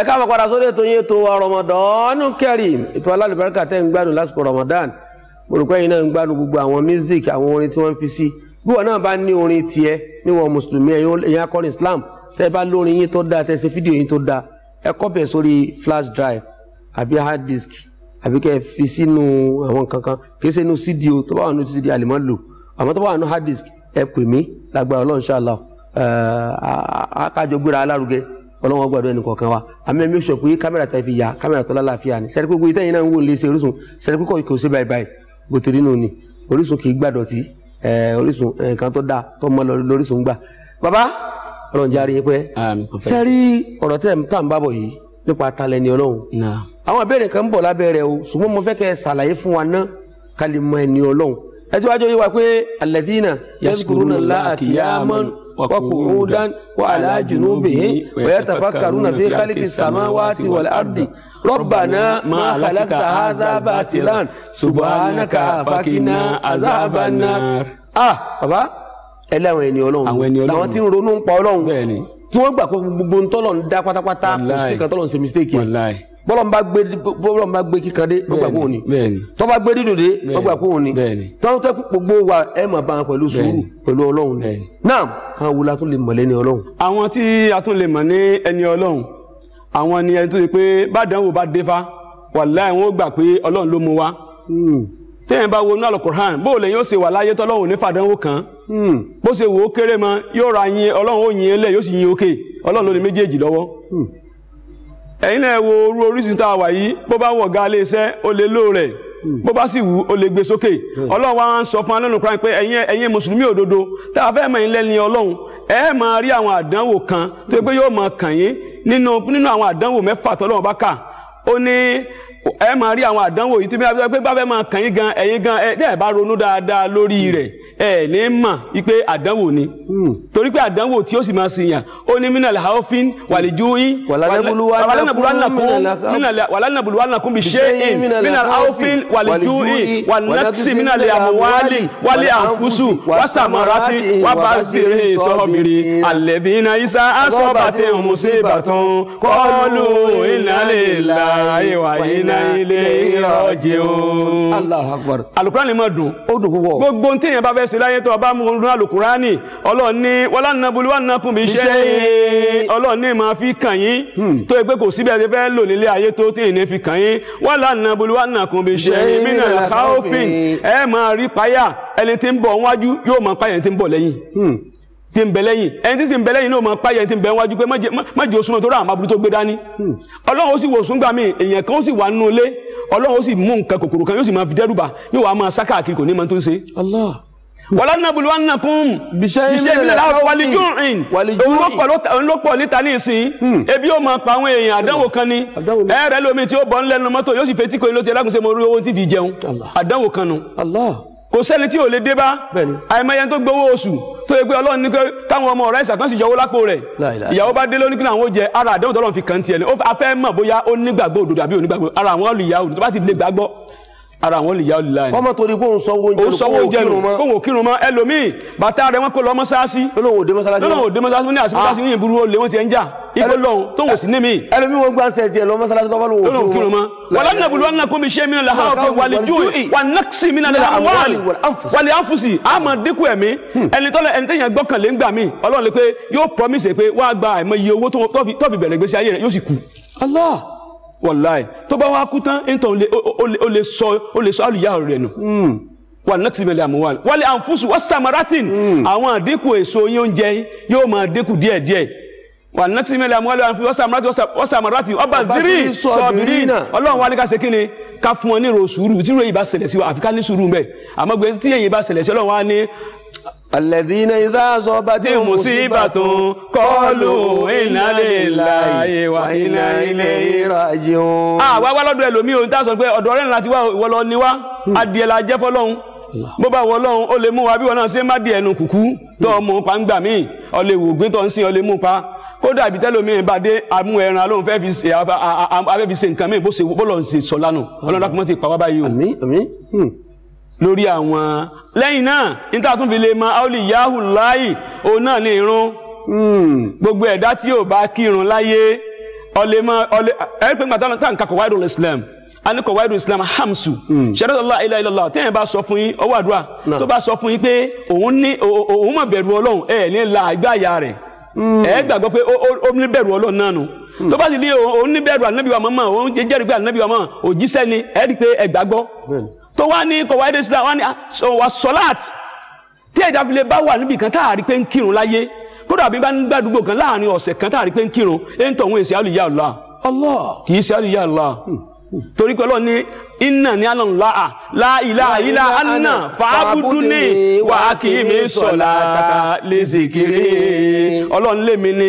ẹ káàbọ̀ padà sórí ètò yín ètò wa Ramadan Kareem ètò alálùbáríkà tẹ́ ń gbádùn lásìkò Ramadan mo rò pé ẹ̀yin náà ń gbádùn gbogbo àwọn music àwọn orin tí wọ́n fi sí bí wọn náà bá ní orin tiẹ̀ níwọ̀n mùsùlùmí ẹ̀yin akọrin Islam tẹ́ bá lórin yín tó dáa tẹ́ ṣe fídíò yín tó dáa ẹ kọ́pẹ̀ sórí flash drive àbí hard disk àbí kẹ́ ẹ fi sínú àwọn kankan kì í ṣe inú cd o tó bá wà nínú cd àlìmọ́ lò àmọ́ tó bá wà nínú hard disk ẹ pè mí lágbára Ọlọ́run inshallah àkájọ gbéra alárugẹ ọlọ́wọ́n gbàdúrà ẹnì kọ̀ọ̀kan wa àmì ẹ̀mí sọ pé kámẹ́rà tá fi yà kámẹ́rà tó lálàáfíà ni sẹ́ni pé gbogbo ìtẹ́yìn náà ń wò lé sí Orísun sẹ́ni pé kò sí báyìí báyìí gòtòrí nù ni Orísun kì í gbàdọ̀tì Orísun nǹkan tó dáa tó mọ́ lórísun gbà. bàbá ọlọ́run járe yín pẹ́ sẹ́rí ọ̀rọ̀ tẹ̀ tá à ń bábọ̀ yìí nípa talẹ̀ ni ọlọ́run àwọn ìbéèrè kan ń bọ̀ lábẹ́ o ṣùgbọ́n mo fẹ́ kẹ́ ṣàlàyé fún wa ná ká lè mọ ẹni ọlọ́run ẹ وقعودا وعلى جنوبهم ويتفكرون في خلق السماوات والأرض ربنا ما خلقت هذا باطلا سبحانك فقنا عذاب النار ah baba ẹlẹ́wọ̀n ẹni ọlọ́run làwọn tí ń ronú ń pa ọlọ́run tí wọ́n gbà pé gbogbo ń tọ́lọ̀ ń dá pátápátá kò sí kan ń ṣe mistake yẹn bọ́lọ́n bá gbé bọ́lọ́n bá gbé kíkan dé wọ́n gbà kóhun ni tọ́ bá gbé dídùn dé wọ́n gbà kóhun ni tọ́wọ́n tẹ́ gbogbo wa ẹ̀ máa bá wọn pẹ̀lú sùúrù pẹ̀lú ọlọ́run ni náà àwọn wo la tún lè mọ̀ lẹ́ni ọlọ́run. àwọn tí a tún lè mọ̀ ní ẹni ọlọ́run àwọn ni ẹni tó yẹ pé bàdánwò bá dé fa wàláì wọn gbà pé ọlọ́run ló mú wa hmm. téèyàn bá wọnú alukur'an bó o lè yóò ṣe wà láyé tọ́lọ́hún ẹ̀yin náà wo orú orísun tá a wà yìí bó bá wọ̀ ga ilé iṣẹ́ o lè lò rẹ̀ bó bá sì wù lè gbé sókè hmm. ọlọ́run wa ń sọ fún alẹ́nu kan pé ẹ̀yin ẹ̀yin mùsùlùmí òdodo tá a fẹ́ mọ̀ yín lẹ́ni ọlọ́run ẹ máa rí àwọn àdánwò kan tó pé yóò máa kàn yín nínú nínú àwọn àdánwò mẹ́fà tọ́lọ́run bá kà ó ní ẹ máa rí àwọn àdánwò yìí bá fẹ́ máa kàn yín gan ẹ̀yin gan ẹ ní mọ̀ wípé àdánwò ni hmm. torí pé àdánwò tí ó sì máa sèyàn ó ní mínà làófin wàlíjúwìn wàlánàbùlùwà nàkún bí ṣe in mínà làófin wàlíjúwìn wànàkìsì mínà lè àmúwálì wálé àǹfùsù wàsàmárátì wàbàṣìrì sọ́ọ̀mìrì àlẹ́bìnà isa asọ́bàtì ọ̀mùsẹ̀ ìbàtàn kọ́ọ̀lù ìnálẹ̀ láàyè wàyí náà ilé ìrọ̀jẹ̀ o. Allahu Akbar. alukura ni ma dùn. ó dùn púpọ̀. gbogbo ntẹ̀yìn bá fẹ́ ṣe láyé tó ọba múnú alukurani ọlọ́run ní wọ́lá nàbúlú wà nàkùn bí iṣẹ́ ọlọ́run ní máa fi kàn yín hmm. tó ẹgbẹ́ kò síbẹ̀ tí fẹ́ lò nílé ayé tó tí ìní fi kàn yín wọ́lá nàbúlú wà nàkùn bí iṣẹ́ mínà káófin ẹ máa rí páyà ẹni tí ń bọ̀ wájú yóò máa páyà ẹni tí ń bọ̀ lẹ́yìn hmm. tí ń bẹ lẹ́yìn ẹni tí sì ń bẹ lẹ́yìn náà máa páyà ẹni tí ń bẹ wájú pé mọ́jì osùnmọ́ tó rà àmọ́ aburú tó gbé dání hmm. ọlọ́run ó sì wò sùn gbà mí èèyàn kan ó sì wà nínú ilé ọlọ́run ó sì mú nǹkan kòkòrò kan yóò sì máa fi dẹ́rù bà yóò wá máa sá káàkiri kò ní máa tó ń ṣe. Allah wọ́lá nàbùlù wọn nàkún bìṣẹ́ ìmìlẹ̀ láwọn wàlíjúùn òun ló pọ̀ níta ní ìsìn hmm. ebi yóò máa pa àwọn èèyàn àdánwò kan ni ẹ̀rẹ́ lómi tí ó bọ̀ ńlẹ̀ nu mọ́tò yóò sì fetí kòyìn ló ti ẹlágùnṣe mo rí owó tí fi jẹun àdánwò kan nu kò sẹ́ni tí ò lè dé bá àìmọye tó gbowó oṣù tó yẹ pé ọlọ́run ní káwọn ọmọ rẹ̀ ṣàkànṣì yọwó lápò rẹ̀ ìyàwó bá dé lónìí kí ni àwọn ó jẹ ara àdéhùn tọ́lọ́run fi kàn tiẹ̀ ni a fẹ́ mọ̀ bóyá ó nígbàgbọ́ òdodo àbí onígbàgbọ́ ara àwọn olùyàwó tó bá ti lè gbàgbọ́ ara àwọn olùyà olùlà ni. ọmọ torí kó ń sanwó oúnjẹ nù kó ń kírun mọ́. kó ń kírun mọ́ ẹlòmíì bàtà rẹ wọn kó lọ mọ́sáàsì. lọ́lọ́wọ́ òde mọ́sáàsì. lọ́lọ́wọ́ òde mọ́sáàsì ní àsìmọ́sáàsì yìnyín burú olè wọn ti ń jà. ikú lọ́hùn tó wò sí ní mi. ẹlòmíì wọn gbà ń sẹ̀tì ẹ̀ lọ mọ́sáàsì lọ́wọ́ lọ́wọ́ kírun mọ́. wàlá nàbùlù wà nàkó mi ṣe mí nàlá hàn fún wàlí ju wà nàkṣì mí nàlá wàlí ànfùsì àmọ́ dínkù ẹ̀mí hmm. ẹni tọ́lẹ̀ ẹni tẹ̀yàn gbọ́kànlé ń gbà mí Ọlọ́run lè pé yóò promise pé wàá gba àìmọye owó tó fi bẹ̀rẹ̀ gbèsè ayé rẹ̀ yóò sì kú. Allah wàláì tó bá wá kú tán ntọ́ o lè sọ o lè sọ àlùyá rẹ̀ nù hmm. wà nọ́tìmẹ̀lẹ̀ àmúwà wálé àǹfùsù wọ́n sàmárátìn hmm. àwọn àdínkù èso yín oúnjẹ yóò máa dínkù díẹ̀díẹ̀ wà nọ́tìmẹ̀lẹ̀ àmúwà àǹfùsù wọ́n sàmárátìn ọba bírì sọ̀bìrì ọlọ́run wálé ká ṣe kí ni ká fún wọn ní ro sùúrù tí ìròyìn bá ṣẹlẹ̀ sí wa àfi ká ní sùúrù mbẹ́ àmọ́ gbé tí èyí bá ṣẹlẹ̀ sí ọlọ́run wá ní Àlẹ̀dínà ìdá aṣọ ọba tí mú sí ìbàtún kọlù iná lè láàyè wà iná ilé ìrajì òun. Àwa hmm. ah, wá lọ́dọ̀ ẹlòmíì ohun tá a sọ pé ọ̀dọ̀ ọ̀rẹ́ ìrìnà ti wá ìwọ lọ ni wá, hmm. adìẹ la jẹ́ fọ́lọ́hun bó bá wọ ọlọ́run ó lè mú wa bí wọn náà ṣe má di ẹnu kùkú tó mú pa ń gbà míì ó lè wò gbé tó ń sìn ó lè mú pa kódà ibi tẹ́lómìn bá dé amú ẹran lóun fẹ́ fi ṣe afẹ́ fi ṣe nǹkan míì bó lọ́n ṣe sọ lánàá ọlọ́run dákúmọ́ ti pa wá báyìí o. Hmm lórí àwọn lẹ́yìn náà níta tún fi lè mọ aoli yahoo láì òun náà ní irun hmm. gbogbo ẹ̀dá tí yóò bá kírun láyé ọlẹ́ mọ ọlẹ́ ẹ̀rí pé gbàtà tá à ń kakọ̀ wáìdù islam a ní kọ̀ wáìdù islam hamsu ṣẹ́dọ̀lá ilàlá tẹ́yìn bá sọ fún yín ọwọ́ àdúrà tó bá sọ fún yín pé òun ní òun mọ̀ bẹ̀rù ọlọ́run ẹ̀ ní la àgbáyà rẹ̀ hmm. ẹ̀ gbàgbọ́ pé ó ní bẹ̀rù ọlọ́run náà nù hmm. tó bá sì ní òun ní bẹ̀rù ànábìwà mọ́mọ́ òun jẹ́rìí pé ànábìwà mọ́ òjíṣẹ́ ni ẹ̀ rí pé ẹ̀ gbàgbọ́ tó wá ní kò wáyé sílá wá ní ah, wà sọ́láàt tí ẹ̀dá fi lè bá wà níbi kan táàrí pé ń kírun láyé kódà bí bá ń gbàdúgbò kan láàrin ọ̀sẹ̀ kan táàrí pé ń kírun ẹ̀ ń tọ̀hún èsì àlùyá Allah Allah kì í ṣe àlùyá Allah. Hmm torí pé Ọlọ́run ní iná ní alọ́n láà láìlá ìlà anna fàábùdú ní wà á kì í mi sọ̀lá lè zikiri Ọlọ́run lémi ní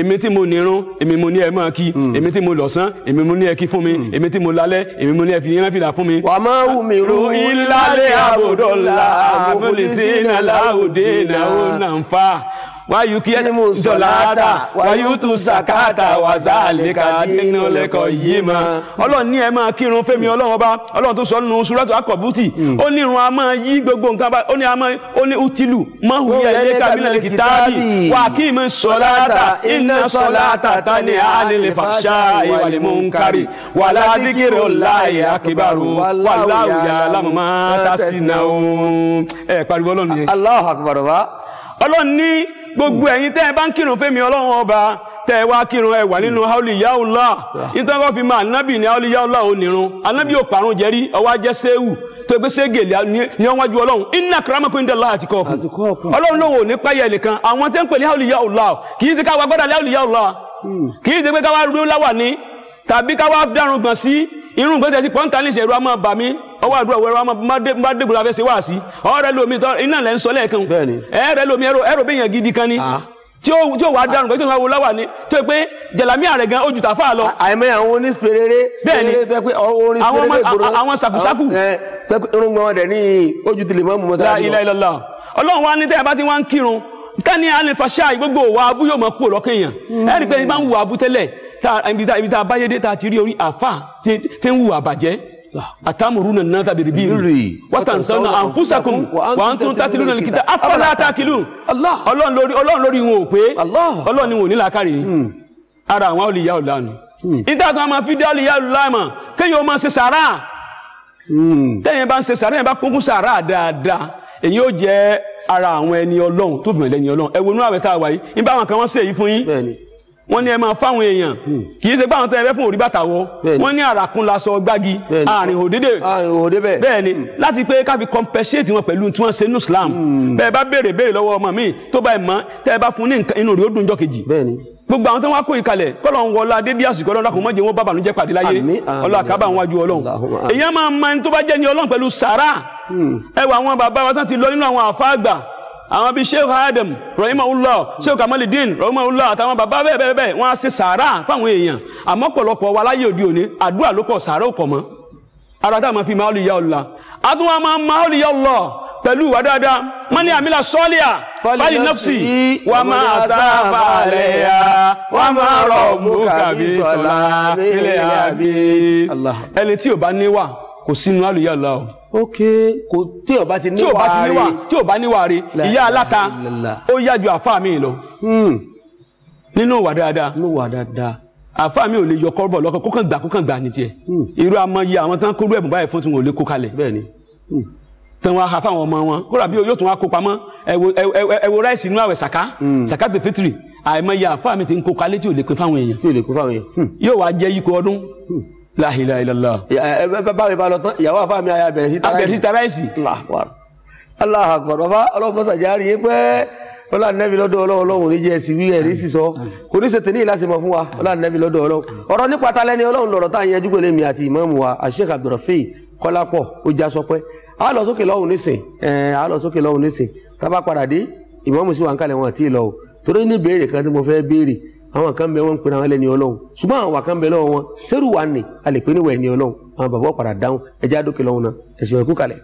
èmi tí mo nírun èmi mo ní ẹ máa kí hmm. èmi tí mo lọ̀sán èmi mo ní ẹ kí fún mi hmm. èmi tí mo lálẹ́ èmi mo ní ẹ fi yẹn fìlà fún mi. wà á máa wù mí ru ìlàlẹ̀ àbòdọ́là àbòlì sí ìnàlá òde ìnáwó náà ń fa wáyú kí ẹni mú sọ̀láàtà wáyú tún sàkáàtà wàzà àlékà nínú lẹ́kọ̀ọ́ yìí ma. ọlọ́run ní ẹ máa kírun fẹ́mi hmm. ọlọ́run ọba ọlọ́run tó sọ nù súrẹ́tù akọ̀bùtì hmm. ó ní irun a máa yí gbogbo nǹkan bá ó ní a máa ó ní utilu mahu yẹ ilé kábínà lè kìtàbí wà kí mi sọ̀láàtà iná sọ̀láàtà tá ni a lè lè fàṣà ìwàlẹ̀ mú ń kárì wà ládìkìrì ọ̀láyè akíbarò wà láwùjá lámùmá tásínà ó. ẹ pariwo ọlọ́run yẹn. Allahu akbar wa. ọlọ́run ní gbogbo ẹ̀yin tẹ́ ẹ bá ń kírun fẹ́mi ọlọ́run ọba tẹ́ ẹ wá kírun ẹ wà nínú hauliyahula nítorí wọ́n fi máa anábì ní hauliyahula ò nírun anábì ò parun jẹ́rí ọwọ́ ajẹ́ séwù tó gbé ségèlè ní ọwájú ọlọ́run iná kìrámọ́kù ń dẹ̀lá àti kọ́ọ̀kù ọlọ́run ló wò ní páyẹ̀ nìkan àwọn tẹ́ ń pè ní hauliyahula kì í ṣe káwa gbọ́dọ̀ hauliyahula hmm. kì í ṣe pé káwa rú láwà ní tàbí káwa dárun gbọ̀n sí irun gbọ́dọ̀ ti pọ́ńtà ní ìṣẹ̀rù àmọ́ bàmí ọwọ́ àdúrà wẹ́rẹ́ wọn bá dégbò la fẹ́ se wá sí ọ̀rẹ́ lomi iná lẹ́ ń sọ lẹ́ẹ̀kan ẹ̀rẹ́ lomi ẹ̀rọ bẹ́yàn gidi kan ni tí ó tí ó wà dànù pé tí ó wà láwà ni tó pé jẹ̀lámí àrẹ̀ gan ojú tàfà lọ. àìmọ́ àwọn oníṣpéréré ṣpéréré tó pé orin ṣpéréré gbòòrò àwọn sàkúsàkù. irungbọn wọn dẹ ní ojú tilẹ̀ mọ́ mọ́tà. la ilaha illallah ọlọ́run wa ní tẹ́yà bá ti wá ń kírun ká ní alifasa gbogbo wa abú yóò mọ̀ kú òlọ́kàn èèyàn mm. ẹ̀rí pé ibà ń wù abú tẹ́lẹ̀ ibi tá a báyé dé tá a ti rí orí àfà ti ń wù àbàjẹ́ atamuruna nasa biribiri watansawna anfusakum wa antum tatiluna likita afala takilu ọlọ́run lórí ọlọ́run lórí wọn ò pé ọlọ́run ni wọn ò ní làákàrè ni hmm. ara àwọn olùyà ọ̀lànà níta hmm. kan máa fi dé olùyà ọ̀lànà kéèyàn máa ṣe sàrà hmm. tẹ́yìn bá ń ṣe sàrà yẹn bá kúnkún sàrà dáadáa èyí ó jẹ́ ara àwọn ẹni ọlọ́run tó fi mọ̀ lẹ́ni ọlọ́run ẹ wo inú àwẹ̀ tá yìí nígbà àwọn kan wọ́n ṣèyí fún yín wọ́n ní ẹ máa fáwọn èèyàn hmm. kì í ṣe pé àwọn tẹ́ ẹ fẹ́ fún òrí bàtà wọ wọ́n ní àràkún laṣọ gbági àrìn òdédè bẹ́ẹ̀ ni láti pé ká fi compensate wọn pẹ̀lú tí wọ́n ṣe ní Islam hmm. bẹ́ẹ̀ bá béèrè béèrè lọ́wọ́ ọmọ mi tó bá ẹ̀ mọ́ tẹ́ ẹ bá fún ní nǹkan inú rẹ̀ ó dùn jọ́ kejì gbogbo àwọn tó wá kó ìkalẹ̀ kọ́lọ̀ ń wọlá dédé àsìkò ọlọ́run lákòó mọ́jẹ́ wọn bá bànújẹ́ pàdé láyé ọlọ́run àkábà ń wájú ọlọ́run èyí á máa ma ẹni tó bá jẹ́ ni ọlọ́run pẹ̀lú sàrà hmm. ẹwà àwọn bàbá wa tán ti lọ nínú àwọn àfáàgbà àwọn bíi sheikh adam rahimahullah sheikh kamaluddin rahimahullah àtàwọn bàbá bẹ́ẹ̀ bẹ́ẹ̀ bẹ́ẹ̀ wọ́n á ṣe sàárà fáwọn èèyàn àmọ́ pọ̀lọpọ̀ wa láyé òde òní àdúrà ló kọ̀ sàárà ò kọ̀ mọ́ ara tá a máa fi máa lù yá ọ̀la àtúwọ̀n máa máa lù yá ọ̀la pẹ̀lú ìwà dáadáa wọ́n ní àmìlà sọ́ọ́lìà fali nafsi wà máa sáfà lẹ́yà wà máa rọ̀ mú kàbí sọ̀la nílẹ̀ àbí ẹni tí ò bá níwà kò sínú àlùyàlá o. ok kò tí o bá ti níwà rè tí o bá níwà rè ìyá aláta ó yá ju àfa mi lọ. Hmm. nínú ìwà dáadáa. nínú ìwà dáadáa. àfa mi ò lè yọ kọ́bọ̀ lọ́kàn kó kàn gbà kó kàn gbà ní tiẹ̀. Hmm. irú amọye àwọn tán kóró ẹ̀bùn báyìí fún tí wọn ò lè kó kalẹ̀. bẹ́ẹ̀ni. Hmm. tán wọn afa àwọn ọmọ wọn kódà bí yóò tún wá kó pamọ́ ẹ wo ráìsì inú àwẹ̀ sàká sàká tó fitiri àìmọye àfa mi ti ń kó kalẹ̀ tí ò lè pín fáwọn èèyàn. yóò wá jẹ́ yípo ọdún la ilaha illallah. bàbá mi bá lọ tán ìyàwó àfa mi àyà bẹ̀rẹ̀ sí tara yìí. abẹ̀rẹ̀ sí tara yìí sí. Allahu akbar bàbá ọlọ́mọsàjà rí i pé ọlá nẹ́bí lọ́dọ̀ ọlọ́run ọlọ́run ní jẹ́ ẹ̀sìn wíyẹ̀ rí sísọ kò ní ṣètè ní ìlàsìmọ̀ fún wa ọlá nẹ́bí lọ́dọ̀ ọlọ́run ọ̀rọ̀ nípa talẹ́ni ọlọ́run lọ̀rọ̀ tá à ń yẹjú pẹ̀lú èmi àti ìmáàmù wa Sheikh Abdurrafiu Kọ́lápọ̀ ó já a ń kalẹ̀ àwọn kan bẹ wọn ń pera wọn lẹni Ọlọ́run ṣùgbọ́n àwọn wà kan bẹ lọ́wọ́ wọn sẹrù wà ní alẹ pé níwọ ẹni Ọlọ́run àwọn bàbá padà dáhùn ẹjẹ àdókè lọ́hùn náà ẹsìn ẹkú kalẹ̀.